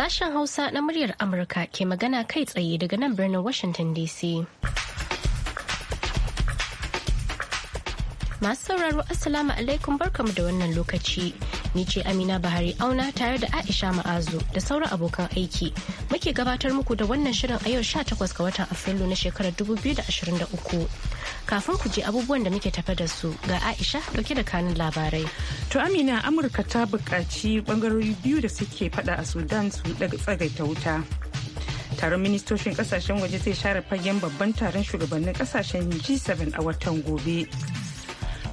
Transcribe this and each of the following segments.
Sashen Hausa na muryar Amurka ke magana kai tsaye daga nan birnin Washington DC. Masu sauraro Assalamu alaikum barkamu da wannan lokaci. Ni ce Amina Bahari Auna tare da Aisha Ma'azu da sauran abokan aiki. Muke gabatar muku da wannan shirin a yau 18 ga watan Afrilu na shekarar 2023. kafin ku je abubuwan da muke tafa da su ga Aisha dauke da kanun labarai. To Amina Amurka ta buƙaci bangarori biyu da suke fada a Sudan su daga tsagaita wuta. Taron ministocin kasashen waje zai share fagen babban taron shugabannin kasashen G7 a watan gobe.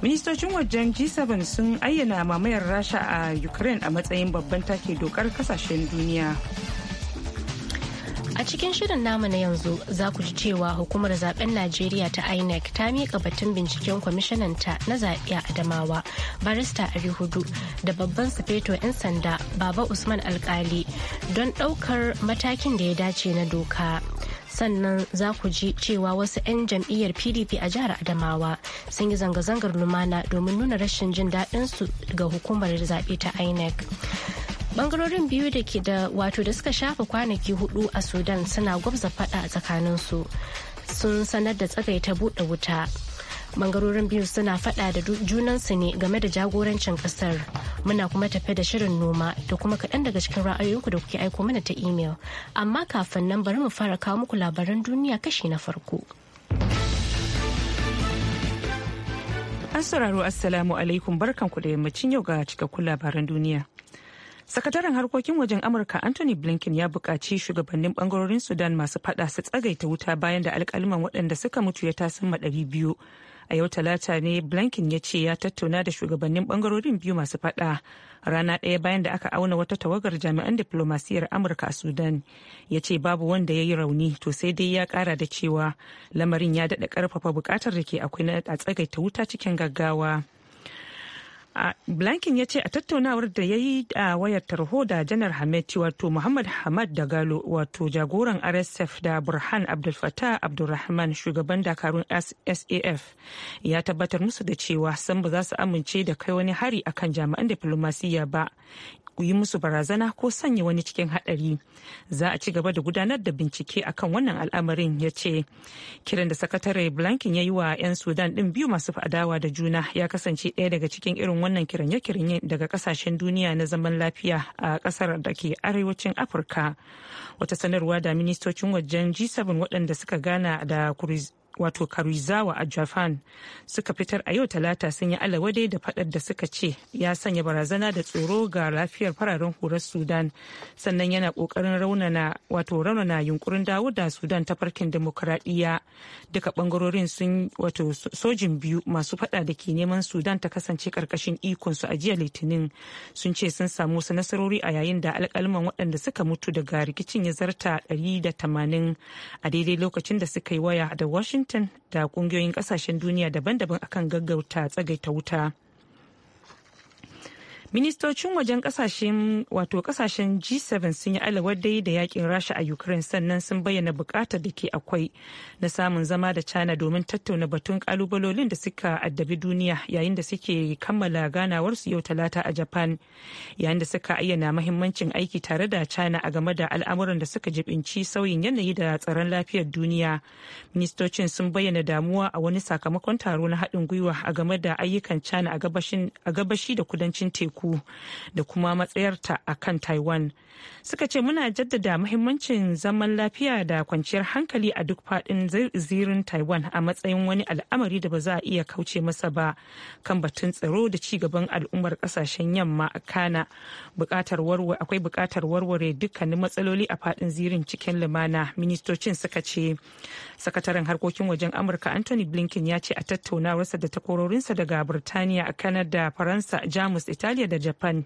ministocin wajen g7 sun ayyana mamayar rasha a ukraine a matsayin babban take dokar kasashen duniya cikin shirin namu na yanzu za ku ji cewa hukumar zaben Najeriya ta INEC ta miƙa batun binciken kwamishinanta na zaɓe a Adamawa, barista Arihudu da babban sufeto 'yan sanda Baba Usman Alkali don ɗaukar matakin da ya dace na doka. sannan za ku ji cewa wasu 'yan jam'iyyar pdp a jihar adamawa sun yi zanga-zangar lumana domin nuna rashin jin daɗinsu ga hukumar zaɓe ta inec bangarorin biyu da ke da wato da suka shafa kwanaki hudu a sudan suna gwabza fada a tsakanin su sun sanar da tsagaita buɗe wuta bangarorin biyu suna fada da junansu ne game da jagorancin kasar muna kuma tafe da shirin noma da kuma kaɗan daga cikin ra'ayoyinku da kuke aiko mana ta imel amma kafin nan bari mu fara kawo muku labaran duniya kashi na farko an sauraro assalamu alaikum barkanku da yammacin yau ga cikakkun labaran duniya sakataren harkokin wajen amurka anthony blinken ya buƙaci shugabannin bangarorin sudan masu fada su tsagaita wuta bayan da alkaliman waɗanda suka mutu ya tasamma ɗari biyu a yau talata ne blinken ya ce ya tattauna da shugabannin bangarorin biyu masu fada rana ɗaya bayan da aka auna wata tawagar jami'an diplomasiyar amurka a sudan ya ce babu wanda ya yi rauni to sai dai ya ƙara da cewa lamarin ya daɗa ƙarfafa buƙatar da ke akwai a tsagaita wuta cikin gaggawa. blanken ya ce a tattaunawar da ya yi a wayar tarho da janar hameti wato muhammad hamad da galo wato jagoran rsf da burhan abdul abdul abdulrahman shugaban dakarun saf ya tabbatar musu da cewa san ba za su amince da kai wani hari akan jami'an diflomasiyya ba yi musu barazana ko sanya wani cikin haɗari za a ci gaba da gudanar da bincike akan wannan al'amarin ya ce kiran da sakatare blankin ya yi wa 'yan sudan din biyu masu fadawa da juna ya kasance ɗaya daga cikin irin wannan kiranye-kiranye daga kasashen duniya na zaman lafiya a kasar da ke arewacin afirka wata sanarwa da ministocin wajen g7 waɗanda suka gana da wato karizawa a japan suka fitar a yau talata sun yi alawadai da fadar da suka ce ya sanya barazana da tsoro ga lafiyar fararen hurar sudan sannan yana kokarin raunana wato raunana yunkurin dawo da sudan ta farkin demokuraɗiyya duka bangarorin sun wato sojin biyu masu fada da ke neman sudan ta kasance karkashin ikonsu a jiya litinin sun ce sun samu wasu nasarori a yayin da alkalman waɗanda suka mutu daga rikicin ya zarta 180 a daidai lokacin da suka yi waya da washington washington da kungiyoyin kasashen duniya daban-daban akan gaggauta tsagaita wuta ministocin wajen kasashen wato kasashen g7 sun yi alawadai da yakin rasha a ukraine sannan sun bayyana bukatar da ke akwai na samun zama da china domin tattauna batun kalubalolin da suka addabi duniya yayin da suke kammala ganawar su yau talata a japan yayin da suka ayyana mahimmancin aiki tare da china a game da al'amuran da suka jibinci sauyin yanayi da tsaron lafiyar duniya ministocin sun bayyana damuwa a wani sakamakon taro na haɗin gwiwa a game da ayyukan china a gabashi da kudancin teku moscow da kuma matsayarta a kan taiwan suka ce muna jaddada muhimmancin zaman lafiya da kwanciyar hankali a duk fadin zirin taiwan a matsayin wani al'amari da ba za a iya kauce masa ba kan batun tsaro da ci gaban al'ummar kasashen yamma a kana akwai bukatar warware dukkanin matsaloli a fadin zirin cikin lumana ministocin suka ce sakataren harkokin wajen amurka anthony blinken ya ce a tattaunawarsa da takwarorinsa daga birtaniya a kanada faransa jamus italiya da japan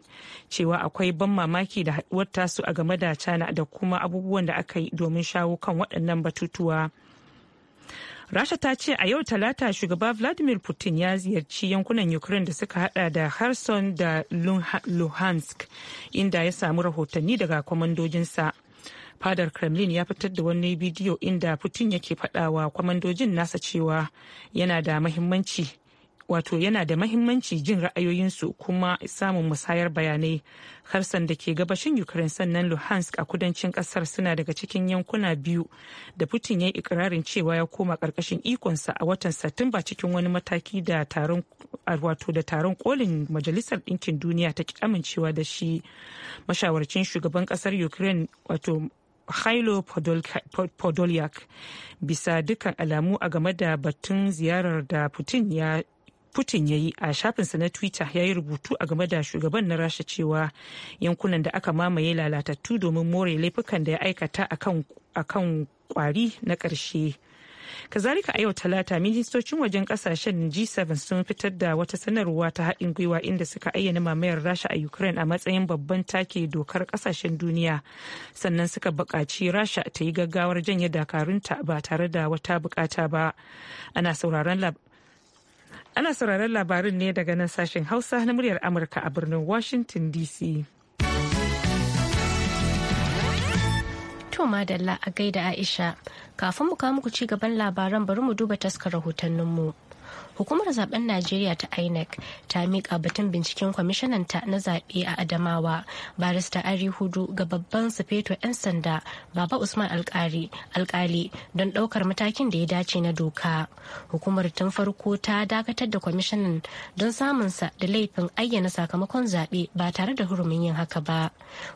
cewa akwai ban mamaki da haduwar takaita su a game da China da kuma abubuwan da aka yi domin shawo kan waɗannan batutuwa. Rasha ta ce a yau talata shugaba Vladimir Putin ya ziyarci yankunan Ukraine da suka hada da Kherson da Luhansk inda ya samu rahotanni daga kwamandojinsa. fadar kremlin ya fitar da wani bidiyo inda putin yake faɗawa kwamandojin nasa cewa yana da mahimmanci wato yana da mahimmanci jin ra'ayoyinsu kuma samun musayar bayanai harsan da ke gabashin ukraine sannan luhansk a kudancin kasar suna daga cikin yankuna biyu da putin ya yi ikirarin cewa ya koma karkashin ikonsa a watan satumba cikin wani mataki da taron wato da taron kolin majalisar ɗinkin duniya ta ki amincewa da shi mashawarcin shugaban kasar ukraine wato Hailo Podolyak bisa dukkan alamu a game da batun ziyarar da Putin ya Putin ya yi a shafinsa na Twitter ya yi rubutu a game da shugaban na Rasha cewa yankunan da aka mamaye lalatattu domin more laifukan da ya aikata a kan kwari na ƙarshe. kazalika a yau talata ministocin wajen kasashen g7 sun fitar da wata sanarwa ta haɗin gwiwa inda suka ayyana mamayar rasha a ukraine a matsayin babban take dokar kasashen duniya sannan suka buƙaci rasha ta yi gaggawar janye dakarunta ba tare da wata bukata ba ana sauraron Ana sauraron labarin ne daga nan sashen Hausa na muryar Amurka a birnin Washington DC. To madalla a gaida Aisha, kafin mu kawo muku ci gaban labaran bari mu duba taskar rahotanninmu. mu. hukumar zaben najeriya ta inec ta miƙa batun binciken kwamishinanta na zaɓe a adamawa barista ari hudu ga babban sufeto 'yan sanda baba usman alkali don ɗaukar matakin da ya dace na doka hukumar tun farko ta dakatar da kwamishinan don samunsa da laifin ayyana sakamakon zaɓe ba tare da hurumin yin haka ba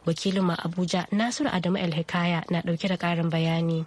wakilin ma abuja nasiru adamu el na ɗauke da ƙarin bayani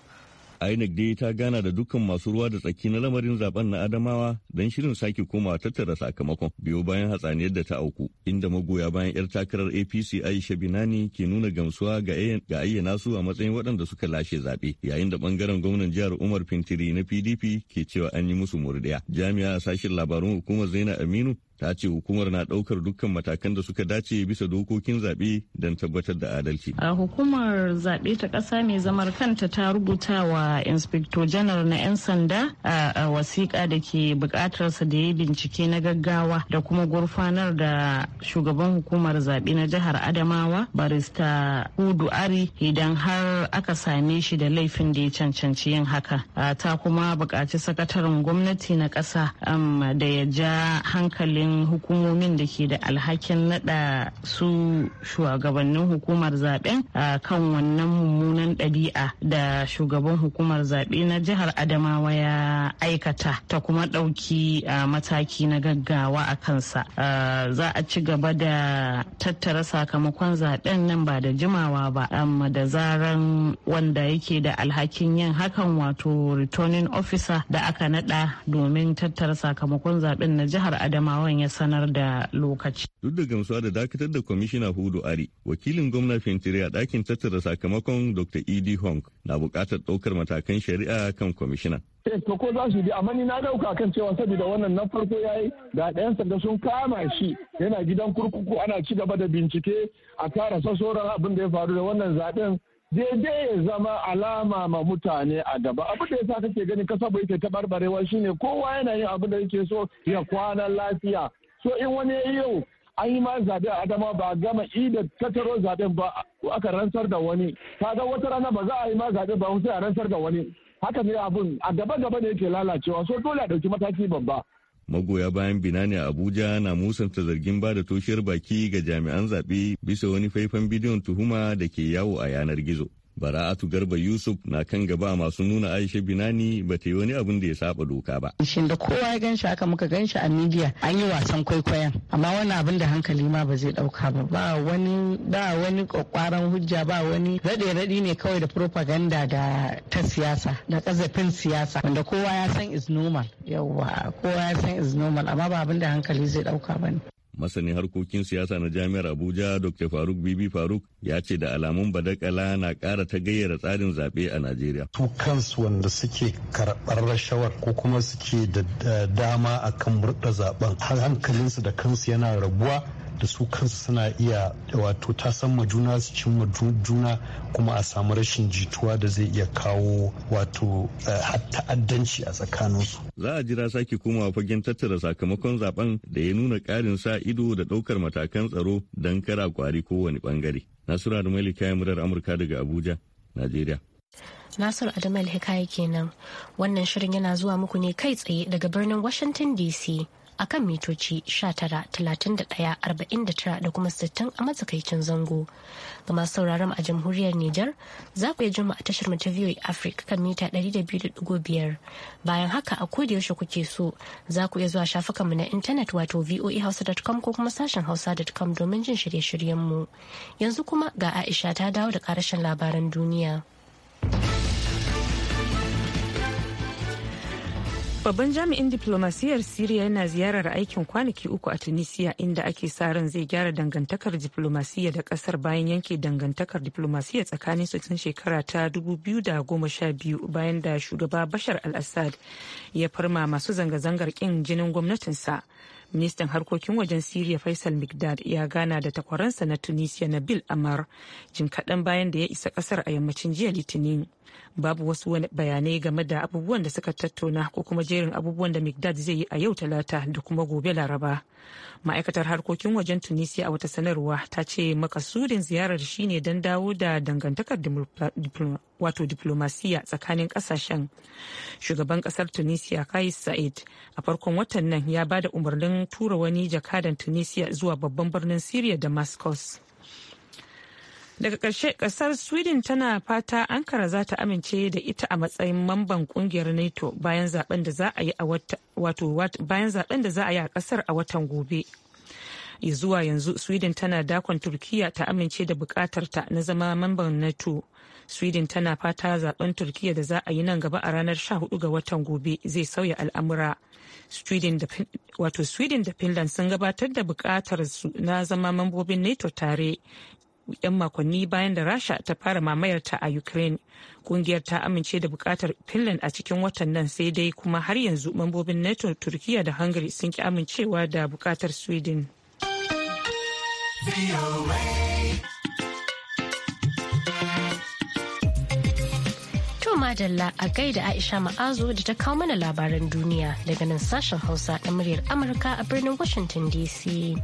INEC dai ta gana da dukkan masu ruwa da tsaki na lamarin zaben na Adamawa don shirin sake komawa tattara sakamakon biyo bayan hatsaniyar da ta auku inda magoya bayan 'yar takarar APC Aisha Binani ke nuna gamsuwa ga ayyana su a matsayin waɗanda suka lashe zaɓe yayin da ɓangaren gwamnan jihar Umar Fintiri na PDP ke cewa an yi musu murɗiya. Jami'a a sashen labarun hukumar Zainab Aminu ta ce hukumar na ɗaukar dukkan matakan da suka dace bisa dokokin zaɓe don tabbatar da adalci. A hukumar zaɓe ta ƙasa mai zamar kanta ta rubuta wa inspector general na 'yan sanda a wasiƙa da ke buƙatarsa da ya bincike na gaggawa da kuma gurfanar da shugaban hukumar zaɓe na jihar Adamawa barista Hudu Ari idan har aka same shi da laifin da ya cancanci yin haka. Ta kuma buƙaci sakataren gwamnati na ƙasa um, da ya ja hankalin cikin hukumomin da ke da alhakin nada su shugabannin hukumar zaben a kan wannan mummunan ɗabi'a da shugaban hukumar zaɓe na jihar adamawa ya aikata ta kuma ɗauki mataki na gaggawa a kansa za a ci gaba da tattara sakamakon zaɓen nan ba da jimawa ba amma da zaran wanda yake da alhakin yin hakan wato returning officer da aka nada domin tattara sakamakon zaɓen na jihar adamawa ya sanar da lokaci. Duk da gamsuwa da dakatar da kwamishina Hudu Ari, wakilin gwamna Fintiri a ɗakin tattara sakamakon Dr. E.D. Hong na bukatar ɗaukar matakan shari'a kan kwamishina. Eh, to ko za su bi amma ni na dauka kan cewa saboda wannan na farko yayi da ɗayan sanda sun kama shi yana gidan kurkuku ana ci gaba da bincike a tara sassoran abin da ya faru da wannan zaɓen daidai ya zama alama ma mutane a gaba abin da yasa kake gani kasa bai ke tabarbarewa shine kowa yana yin abin da yake so ya kwana lafiya so in wani ya yau an yi ma zaɓe a adama ba a gama da tattaro zaɓen ba aka rantsar da wani kaga wata rana ba za a yi ma zaɓe ba sai a rantsar da wani haka ne abun a gaba gaba ne yake lalacewa so dole a ɗauki mataki babba magoya bayan binani a abuja na musanta zargin ba da toshiyar baki ga jami'an zaɓe bisa wani faifan bidiyon tuhuma da ke yawo a yanar gizo bara'atu garba yusuf na kan gaba masu nuna aisha binani ba ta yi wani abin da ya saba doka ba shin da kowa ya ganshi aka muka ganshi a media an yi wasan kwaikwayon amma wani abin da hankali ma ba zai dauka ba ba wani ba wani kwakwaran hujja ba wani raɗe radi ne kawai da propaganda da ta siyasa da kazafin siyasa wanda kowa ya san is normal yawwa kowa ya san is normal amma ba abin da hankali zai dauka ba ne masanin harkokin siyasa na jami'ar abuja dr faruk bibi faruk ya ce da alamun badakala na kara ta gayyara tsarin zaɓe a najeriya su kansu wanda suke karɓar rashawar ko kuma suke da dama akan murɗa zaben hankalinsu da kansu yana rabuwa da su kansu suna iya wato ta san ma juna su cin ma juna kuma a samu rashin jituwa da zai iya kawo wato eh, ta'addanci a tsakanin su. Za a jira sake komawa fagen tattara sakamakon zaben da ya nuna karin sa ido da daukar matakan tsaro don kara kwari ko kowane bangare Nasiru Adamali kayan murar Amurka daga Abuja, Najeriya. Nasiru Adamal kayan kenan. Wannan shirin yana zuwa muku ne kai tsaye daga birnin Washington DC. a kan mitoci 19,31,49 da kuma 60 a matsakaicin zango. Ga masu sauraron a jamhuriyar Nijar, za ku iya jima a tashar ta VOA Africa kan mita 200.5. Bayan haka a koda yaushe kuke so, za ku iya zuwa shafukanmu na intanet wato voahausa.com ko kuma sashen hausa.com domin jin shirye-shiryenmu. Yanzu kuma ga Aisha ta dawo da karashin labaran duniya. Babban jami'in diplomasiyyar Siriya yana ziyarar aikin kwanaki uku a Tunisia inda ake sa ran zai gyara dangantakar diplomasiyya da kasar bayan yanke dangantakar diplomasiyya tsakanin su tun shekara ta 2012 bayan da shugaba Bashar al-Assad ya farma masu zanga-zangar kin jinin gwamnatinsa. ministan harkokin wajen siriya faisal mcdad ya gana da takwaransa na tunisia bil amar jin kaɗan bayan da ya isa ƙasar a yammacin jiya litinin babu wasu bayanai game da abubuwan da suka tattauna ko kuma jerin abubuwan da mcdad zai yi a yau talata da kuma gobe laraba ma'aikatar harkokin wajen tunisia a wata sanarwa ta ce makasudin ziyarar shi ne don dawo da dangantakar wato diplomasiya tsakanin kasashen shugaban kasar tunisia kayis sa'id a farkon watan nan ya ba da umarnin an tura wani jakadan tunisia zuwa babban birnin syria damascus daga ƙarshe ƙasar sweden tana fata ankara za ta amince da ita a matsayin mamban kungiyar nato bayan zaben da za a yi a ƙasar a watan gobe zuwa yanzu sweden tana dakon turkiya ta amince da bukatarta na zama mamban nato sweden tana fata zaben turkiya da za a yi nan gaba a ranar 14 ga watan gobe zai sauya al'amura wato sweden da finland sun gabatar da bukatar su na zama mambobin nato tare yan makonni bayan da rasha ta fara mamayar ta a ukraine kungiyar ta amince da bukatar finland a cikin watan nan sai dai kuma har yanzu mambobin nato turkiya da hungary sun ki amincewa da bukatar sweden madalla a gaida Aisha Ma'azu da ta kawo mana labaran duniya daga nan sashen Hausa na muryar Amurka a birnin Washington DC.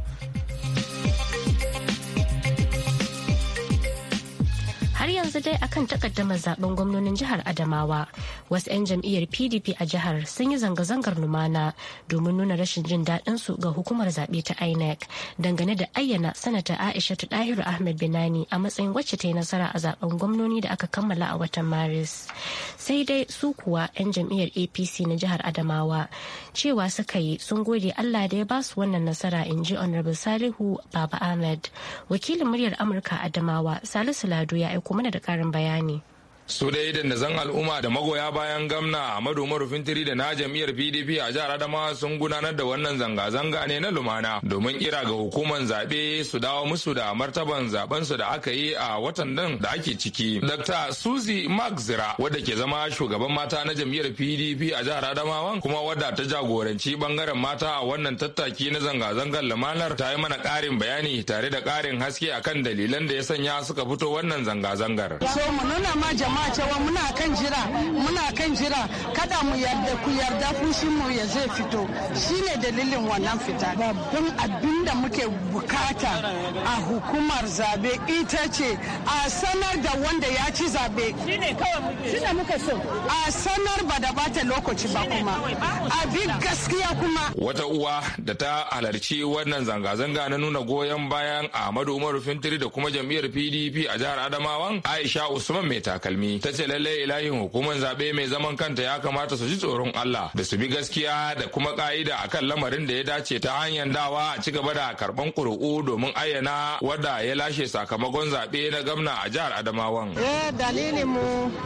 har yanzu dai akan takaddamar zaben gwamnonin jihar adamawa wasu 'yan jam'iyyar pdp a jihar sun yi zanga-zangar lumana domin nuna rashin jin daɗin su ga hukumar zaɓe ta inec dangane da ayyana sanata aisha ta dahiru ahmed binani a matsayin wacce ta yi nasara a zaben gwamnoni da aka kammala a watan maris sai dai su kuwa 'yan jam'iyyar apc na jihar adamawa cewa suka yi sun gode Allah da ya ba su wannan nasara in ji Honorable Salihu Baba Ahmed. Wakilin muryar Amurka Adamawa Salisu Lado ya aiko mana da karin bayani. su dai da nazan al'umma da magoya bayan gamna Amadu Umaru Fintiri da na jam'iyyar PDP a jihar Adamawa sun gudanar da wannan zanga-zanga ne na lumana domin kira ga hukumar zaɓe su dawo musu da martaban zaben su da aka yi a watan nan da ake ciki. Dr. Suzy Mark Zira wadda ke zama shugaban mata na jam'iyyar PDP a jihar Adamawa kuma wadda ta jagoranci bangaren mata a wannan tattaki na zanga-zangar lumanar ta yi mana ƙarin bayani tare da ƙarin haske akan dalilan da ya sanya suka fito wannan zanga-zangar. So ma cewa muna kan jira muna kan jira kada mu yarda ku yarda fushin mu ya zai fito shine dalilin wannan fita babban abin da muke bukata a hukumar zabe ita ce a sanar da wanda ya ci zabe shine kawai shine so a sanar ba da bata lokaci ba kuma bi gaskiya kuma wata uwa da ta halarci wannan zanga-zanga na nuna goyon bayan Ahmadu Umaru Fintiri da kuma jam'iyyar PDP a jihar Adamawan Aisha Usman mai takalmi Malami ta ce lalle ilahin hukumar zaɓe mai zaman kanta ya kamata su ji tsoron Allah da su bi gaskiya da kuma ka'ida akan lamarin da ya dace ta hanyar dawa a ci gaba da karɓan ƙuri'u domin ayyana wadda ya lashe sakamakon zaɓe na gamna a jihar Adamawan. Eh dalilin mu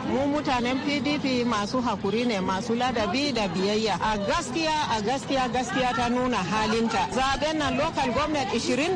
mu mutanen PDP masu hakuri ne masu ladabi da biyayya a gaskiya a gaskiya gaskiya ta nuna halinta zaɓen nan local government 21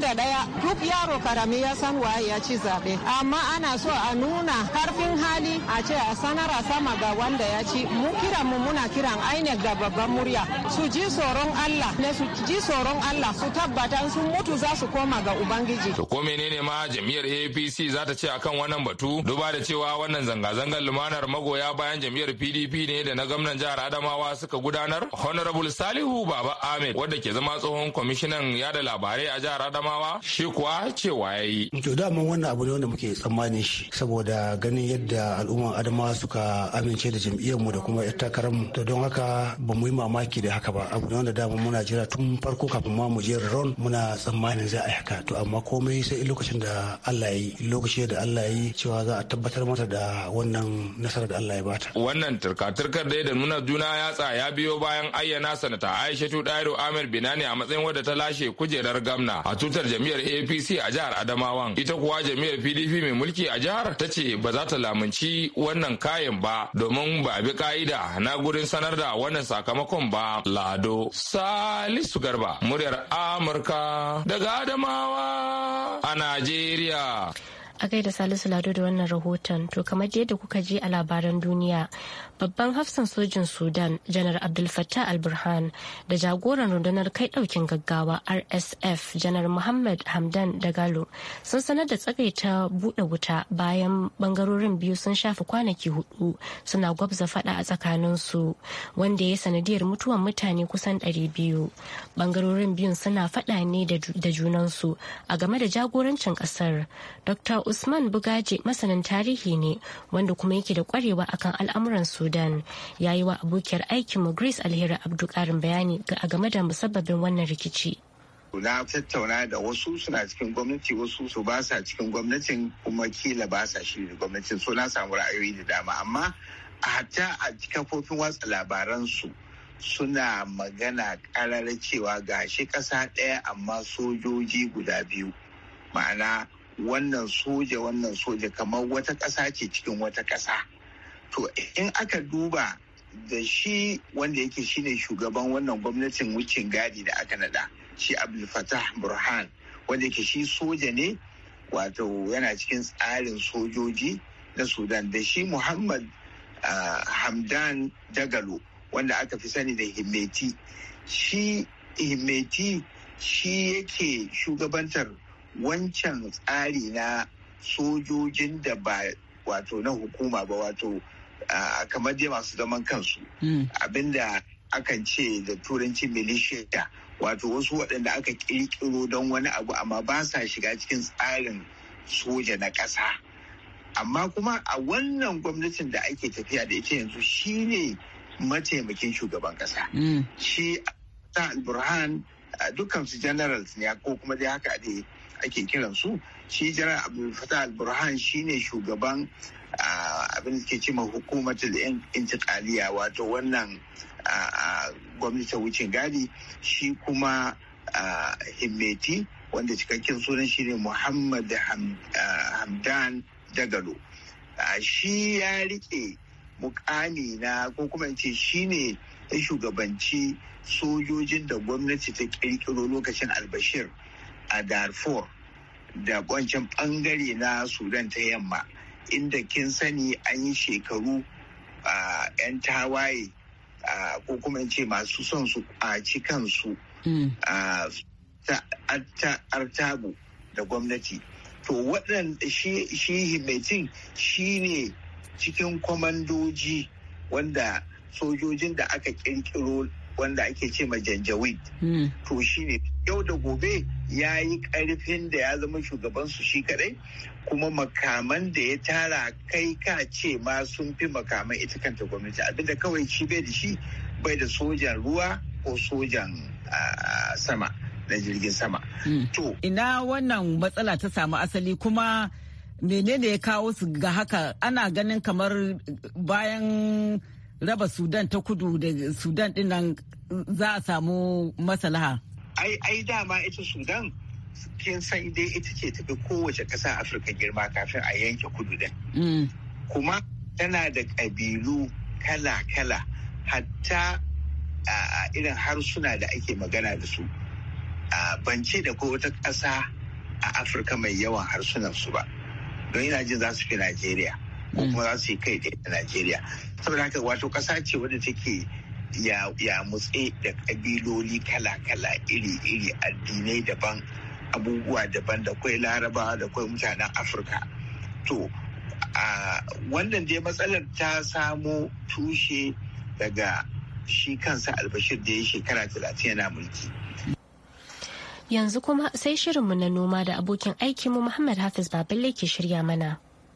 duk yaro karami ya san waye ya ci zaɓe. amma ana so a nuna karfin hali a ce a sanar a sama ga wanda ya ci mu kira mu muna kiran INEC da babban murya su ji tsoron Allah ne su ji tsoron Allah su tabbata sun mutu za su koma ga ubangiji to ko menene ma jam'iyyar APC za ta ce akan wannan batu duba da cewa wannan zanga-zangar lumanar magoya bayan jam'iyyar PDP ne da na gwamnatin jihar Adamawa suka gudanar honorable Salihu Baba Ahmed wanda ke zama tsohon kwamishinan yada labarai a jihar Adamawa shi kuwa cewa yayi to mun wannan abu ne wanda muke tsammanin shi saboda ganin yadda al'umma adamawa suka amince da jam'iyyar mu da kuma yar takarar mu to don haka ba mu yi mamaki da haka ba abu ne wanda dama muna jira tun farko kafin ma mu je ron muna tsammanin za a yi to amma komai sai lokacin da Allah ya yi lokaci da Allah ya yi cewa za a tabbatar mata da wannan nasarar da Allah ya bata wannan turka-turkar da ya da nuna juna yatsa ya biyo bayan ayyana sanata Aishatu Dairo amir Binani a matsayin wadda ta lashe kujerar gamna a tutar jam'iyyar APC a jihar Adamawan ita kuwa jam'iyyar PDP mai mulki a jihar ta ce ba za ta lamunci karbi wannan kayan ba domin ba bi ka'ida na gurin sanar da wannan sakamakon ba lado salisu garba muryar amurka daga adamawa a najeriya a gaida salisu lado da wannan rahoton to kamar yadda kuka ji a labaran duniya babban hafsan sojin sudan janar abdul fattah al-burhan da jagoran rundunar kai daukin gaggawa rsf janar muhammad hamdan dagalo sun sanar da tsagaita buɗe wuta bayan bangarorin biyu sun shafi kwanaki hudu suna gwabza fada a tsakaninsu wanda ya sanadiyar mutuwan mutane kusan biyu bangarorin biyun suna fada ne da junansu a game da jagorancin kasar dr usman bugaje masanin tarihi ne wanda kuma yake da kwarewa akan al'amuran su Sudan ya yi wa abokiyar aikinmu Grace Alheri Abdu karin bayani a game da musabbabin wannan rikici. na tattauna da wasu suna cikin gwamnati wasu su ba sa cikin gwamnatin kuma kila ba sa shi da gwamnatin so na samu ra'ayoyi da dama amma a hatta a kafofin watsa labaransu suna magana karar cewa ga shi kasa ɗaya amma sojoji guda biyu ma'ana wannan soja wannan soja kamar wata kasa ce cikin wata kasa. to in aka duba da shi wanda yake shine shugaban wannan gwamnatin wucin gadi da aka nada shi abdulfatah fatah burhan wanda yake shi soja ne wato yana cikin tsarin sojoji na sudan da shi muhammad ah, hamdan dagalo wanda aka fi sani da Himeti shi himmeti shi yake shugabantar wancan tsari na sojojin da ba wato na hukuma ba wato kamar je masu zaman kansu hmm. abinda akan ce da turanci militia wato wasu waɗanda aka ƙirƙiro don wani abu amma ba sa shiga cikin tsarin soja na ƙasa amma kuma a wannan gwamnatin da ake tafiya da ita yanzu shi ne mataimakin shugaban ƙasa hmm. shi ta burhan dukkan su generals ne ko kuma dai haka ake kiransu shi general abdul fatah alburhan shi shine shugaban abin da ke cima yan intiqaliya wato wannan gwamnatin wucin gadi shi kuma himmeti wanda cikakken sunan shi ne muhammad hamdan dagalo shi ya rike mukami na ko kuma ce shi ne ya shugabanci sojojin da gwamnati ta kirkiro lokacin albashir a darfur da wancan bangare na sudan ta yamma inda kin sani an yi shekaru a 'yan tawaye ko kuma ce masu son su ci kansu hmm. ta artabu da gwamnati to waɗanda shi himetin shi ne cikin kwamandoji wanda sojojin da aka ƙirƙiro. wanda ake ce ma janjawid hmm. to shi ne yau da gobe ya yi karfin da ya zama shugaban su shi kadai kuma makaman da ya tara kai ka ce ma sun fi makaman ita kanta gwamnati abinda kawai shi bai da shi bai da sojan ruwa ko sojan sama na jirgin sama hmm. to ina wannan matsala ta samu asali kuma menene ya kawo su ga haka ana ganin kamar bayan raba sudan ta kudu da sudan din nan za a samu masalaha ai ai dama ita sudan kin san dai ita ce tafi kowace ƙasa afirka girma kafin a yanke kudu din mm. kuma tana da ƙabilu kala-kala hatta a irin harsuna da ake magana da su bance da ko ƙasa a afirka mai yawan harsunan su ba don yana jin za su fi najeriya ko mm. kuma za su yi kai da Najeriya saboda haka wato ƙasa ce wadda take ya mutse da ƙabiloli kala-kala iri-iri addinai daban abubuwa daban da kwai laraba da kwai mutanen afirka to a wannan dai matsalar ta samo tushe daga shi kansa albashir da ya shekara talatin yana mulki yanzu kuma sai shirinmu na noma da abokin aikinmu muhammad hafiz baballe ke shirya mana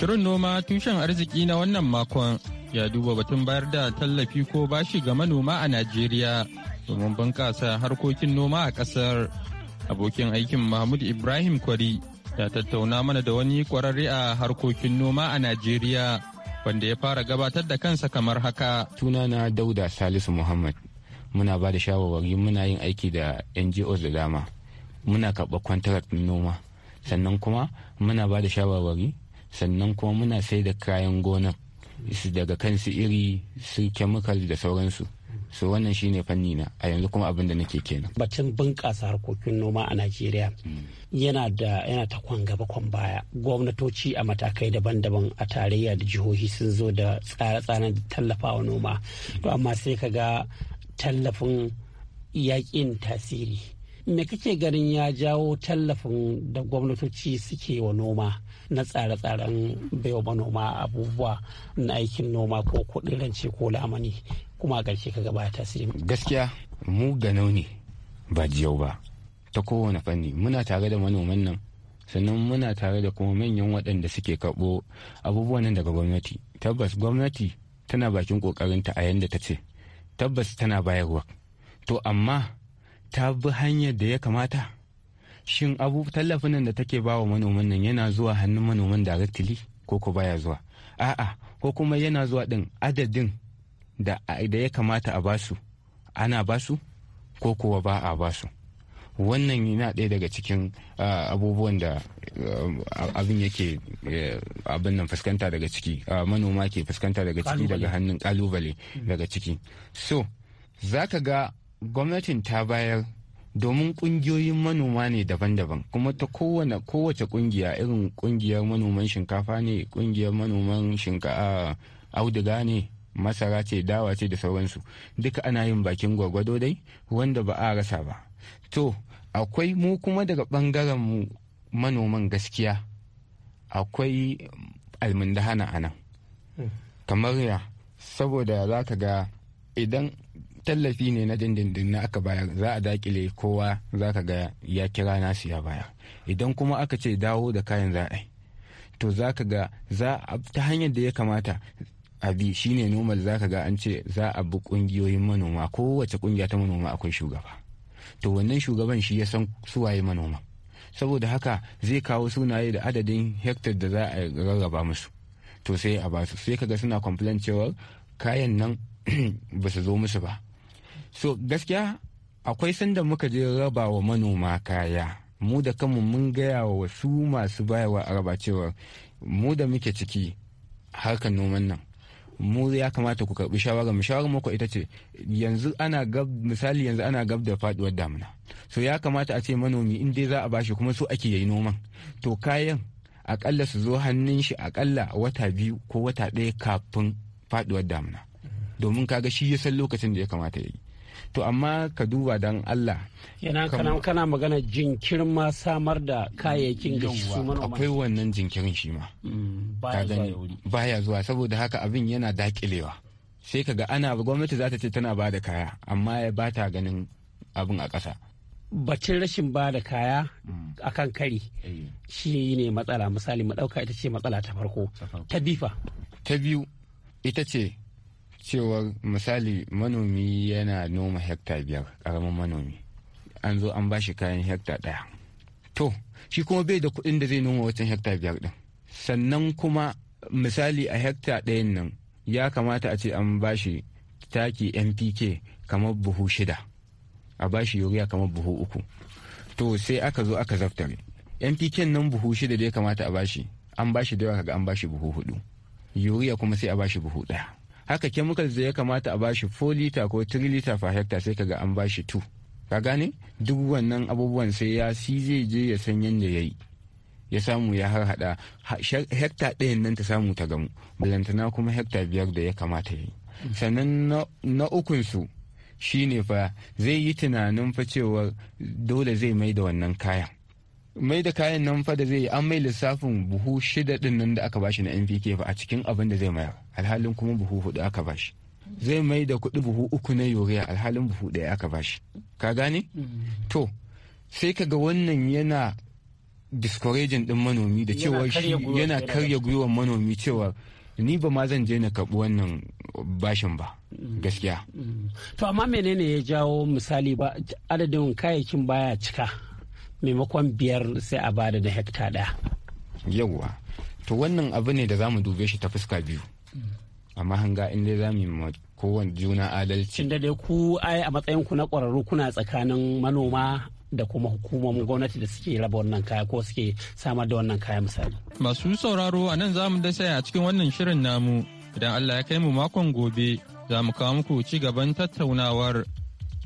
Shirin noma tushen arziki na wannan makon ya duba batun bayar da tallafi ko bashi ga manoma a Najeriya domin bunƙasa harkokin noma a ƙasar. Abokin aikin Mahmud Ibrahim Kwari ya tattauna mana da wani ƙwararre a harkokin noma a Najeriya wanda ya fara gabatar da kansa kamar haka. Tunana Dauda Salisu Muhammad muna ba da shawarwari muna yin aiki da NGOs da dama muna karɓar kwantarar noma sannan kuma muna ba da shawarwari sannan kuma muna sai da kayan gonan daga kansu iri su chemical da sauransu so wannan shine fanni na a yanzu kuma abin da nake kenan batun bunƙasa harkokin noma a najeriya mm. yana da yana ta kwan gaba kwan baya gwamnatoci a matakai daban-daban a tarayya da jihohi sun zo da tsare tallafawa noma to amma sai ka ga tallafin yaƙin tasiri me kake ganin ya jawo tallafin da gwamnatoci suke wa noma na tsare-tsaren baiwa manoma abubuwa na aikin noma ko kuɗin rance ko lamani kuma a ƙarshe ka gabata su gaskiya mu ga ne ba jiyau ba ta kowane fanni muna tare da manoman nan sannan muna tare da kuma manyan waɗanda suke karɓo abubuwan nan daga gwamnati tabbas gwamnati tana bakin ƙoƙarinta a yadda ta ce tabbas tana bayarwa to amma ta bi hanyar da ya kamata shin abu tallafin nan da take ba wa manoman nan yana zuwa hannun manoman directly ko ko baya zuwa a'a ko kuma yana zuwa din adadin da ya kamata a basu ana basu ko kuwa ba a basu wannan yana ɗaya daga cikin abubuwan da abin yake e, abin nan fuskanta daga ciki manoma ke fuskanta daga ciki daga hannun kalubale daga ciki so za ka ga gwamnatin ta bayar domin kungiyoyin manoma ne daban-daban kuma ta kowace kungiya irin kungiyar manoman shinkafa ne kungiyar manoman shinkafa auduga ne masara ce dawa ce da sauransu duka ana yin bakin gwagwado dai wanda ba a rasa ba to akwai mu kuma daga bangaren mu manoman gaskiya akwai almundahana a nan hmm. kamar ya saboda za ka ga idan tallafi ne na dindindin na aka bayar za a dakile kowa za ka ga ya kira nasu ya bayar idan kuma aka ce dawo da kayan za a to za ka ga za a ta hanyar da ya kamata a bi shine normal za ka ga an ce za a bi kungiyoyin manoma kowace kungiya ta manoma akwai shugaba to wannan shugaban shi ya san suwaye manoma saboda haka zai kawo sunaye da adadin hektar da za a rarraba musu to sai a basu sai kaga suna complain cewa kayan nan ba su zo musu ba so gaskiya akwai sanda muka je raba wa manoma kaya mu da kanmu mun gaya wa wasu masu bayarwa a raba cewa mu da muke ciki harkar noman nan mu ya kamata ku karbi shawara mu shawara muku ita ce yanzu ana gab misali yanzu ana gab da faduwar damina so ya kamata a ce manomi in dai za a bashi kuma so ake yi noman to kayan akalla su zo hannun shi akalla wata biyu ko wata ɗaya kafin faduwar damuna domin kaga shi ya san lokacin da ya kamata ya yi to amma ka duba don allah yana kana kana magana jinkirin ma samar da kayayyakin ga su manoma akwai wannan jinkirin shi ma mm, baya zuwa saboda haka abin yana dakilewa sai ka ga ana gwamnati za ta ce tana ba da kaya amma ya ba ta ganin abin a ƙasa bacin rashin ba da kaya mm. a kan kari eh. shi ne matsala misali mu ɗauka ita ce matsala ta farko ta ta biyu ita ce cewar misali manomi yana noma hekta biyar karamin manomi an zo an bashi kayan hekta ɗaya to shi kuma bai da kuɗin da zai noma wancan hekta biyar din sannan kuma misali a hekta ɗayan nan ya kamata a ce an bashi taki mpk kamar buhu shida a bashi yuriya kamar buhu uku to sai aka zo aka zaftare mpk nan buhu shida da ya kamata a bashi an bashi da yawa ga an bashi buhu hudu yuriya kuma sai a bashi buhu ɗaya haka kemikal da ya kamata a bashi 4 lita ko 3 liter per hectare sai kaga an bashi 2 ka gane duk wannan abubuwan sai ya si zai je ya san yadda ya yi ya samu ya har hada hekta ɗayan nan ta samu ta gamu balantana kuma hekta biyar da ya kamata ya yi sannan na ukunsu shine fa zai yi tunanin fa cewa dole zai mai da wannan kayan mai da kayan nan fa da zai an mai lissafin buhu shida din nan da aka bashi na npk ba a cikin abin da zai mayar alhalin kuma buhu hudu aka bashi zai mai da kuɗi buhu uku na yuriya alhalin buhu ɗaya aka bashi ka gane mm-hmm. to sai ka ga wannan yana discouraging din manomi da cewa shi yana karya gwiwar manomi cewa ni ba ma zan je na karɓi wannan bashin ba mm-hmm. gaskiya mm-hmm. to amma menene ya jawo misali ba adadin kayayyakin baya cika maimakon biyar sai a bada da hekta ɗaya. yawwa to wannan abu ne da za mu dube shi ta fuska biyu amma hanga in za mu yi kowane juna adalci. da dai ku ai a matsayin ku na ƙwararru kuna tsakanin manoma da kuma hukumomin gwamnati da suke raba wannan kaya ko suke samar da wannan kaya misali. Masu sauraro a nan za mu dasa a cikin wannan shirin namu idan Allah ya kai mu makon gobe za mu kawo muku ci gaban tattaunawar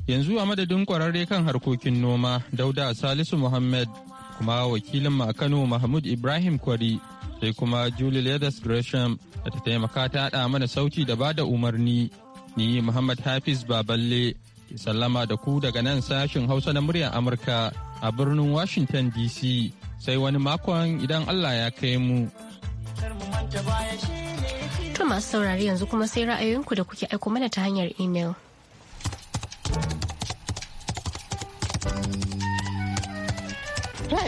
Yanzu a madadin kwararre kan harkokin noma Dauda Salisu Muhammad kuma wakilin a Kano Mahmud Ibrahim Kwari sai kuma Julie Leathers Gresham da ta taimaka ta hada mana sauti da bada umarni. Ni Muhammad Hafiz Baballe ke sallama da ku daga nan sashin Hausa na muryar Amurka a birnin Washington DC sai wani makon idan Allah ya kai mu. To masu saurari yanzu kuma sai ra'ayoyinku da kuke aiko mana ta hanyar imel.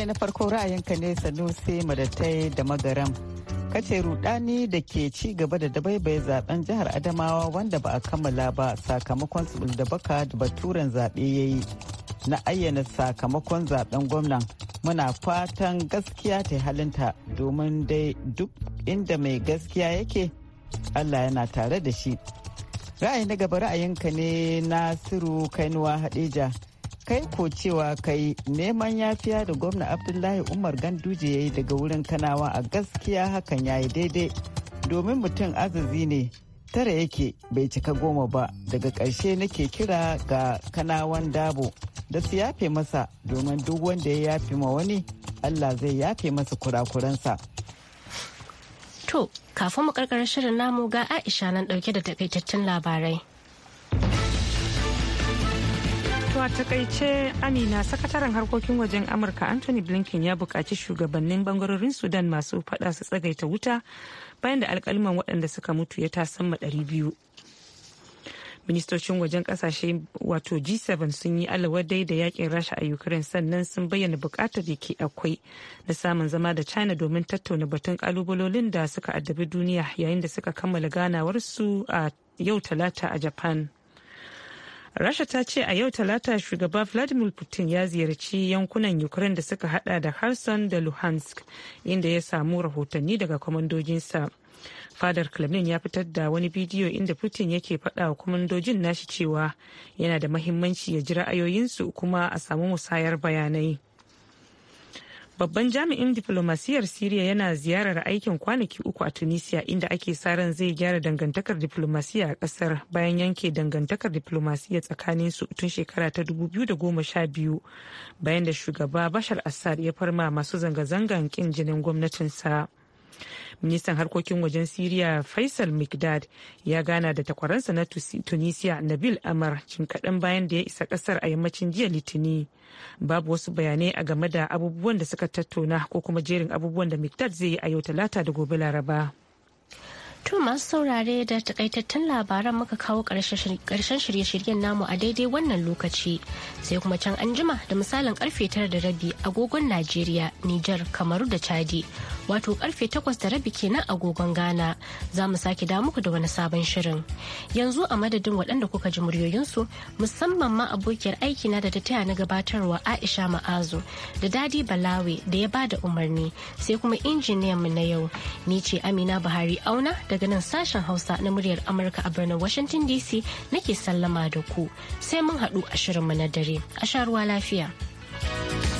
na farko ra'ayinka ne sanusi madatai da magaram kace rudani da ke ci gaba da bai zaben jihar adamawa wanda ba a kammala ba sakamakon sul da baka da baturen zaɓe ya yi na ayyana sakamakon zaben gwamnan muna fatan gaskiya ta halinta domin dai duk inda mai gaskiya yake allah yana tare da shi ra'ayi na gaba ra'ayinka ne nasiru kainuwa hadija kai ko cewa kai neman yafiya da gwamna abdullahi umar ganduje ya yi daga wurin kanawa a gaskiya hakan ya yi daidai domin mutum azazi ne tara yake bai cika goma ba daga ƙarshe nake kira ga kanawan dabo da su yafe masa domin duk wanda ya yafe ma wani allah zai yafe masa kurakuransa to kafin mu karkarar shirin namu ga aisha nan dauke da takaitattun labarai To a takaice Amina sakataren harkokin wajen Amurka Anthony Blinken ya bukaci shugabannin bangarorin Sudan masu fada su tsagaita wuta bayan da alkaliman waɗanda suka mutu ya tasamma ɗari biyu. Ministocin wajen ƙasashe wato G7 sun yi dai da yakin rasha a Ukraine sannan sun bayyana buƙatar da ke akwai na samun zama da China domin tattauna batun kalubalolin da suka addabi duniya yayin da suka kammala ganawarsu a yau talata a Japan. rasha ta ce a yau talata shugaba vladimir putin ya ziyarci yankunan ukraine da suka hada da kherson da luhansk inda ya samu rahotanni daga kwamandojinsa fadar kremlin ya fitar da wani bidiyo inda putin yake faɗa wa kwamandojin nashi cewa yana da mahimmanci ya ji ra'ayoyinsu kuma a samu musayar bayanai babban jami'in diflomasiyyar siriya yana ziyarar aikin kwanaki uku a tunisia inda ake sa ran zai gyara dangantakar diflomasiyya a kasar bayan yanke dangantakar diflomasiyya tsakanin su tun shekara ta 2012 bayan da shugaba bashar assad ya farma masu zanga-zangan kin jinin gwamnatinsa ministan harkokin wajen siriya faisal mikdad ya gana da takwaransa na tunisia nabil amar cin kaɗan bayan da ya isa ƙasar a yammacin jiya litini babu wasu bayanai a game da abubuwan da suka tattauna ko kuma jerin abubuwan da mikdad zai yi a yau talata da gobe laraba To masu saurare da takaitattun labaran muka kawo karshen shirye-shiryen namu a daidai wannan lokaci sai kuma can anjima da misalin karfe tara da rabi agogon Najeriya, Nijar, Kamaru da Chadi. Wato karfe takwas da rabi kenan agogon Ghana za mu sake da muku da wani sabon shirin. Yanzu a madadin waɗanda kuka ji muryoyinsu musamman ma abokiyar aikina da ta taya na gabatarwa Aisha Ma'azu da Dadi Balawe da ya bada umarni sai kuma injiniyan mu na yau. Ni ce Amina Buhari Auna da daga nan sashen Hausa na muryar Amurka a birnin Washington DC nake sallama da ku. Sai mun haɗu a shirinmu na dare. A sha ruwa lafiya.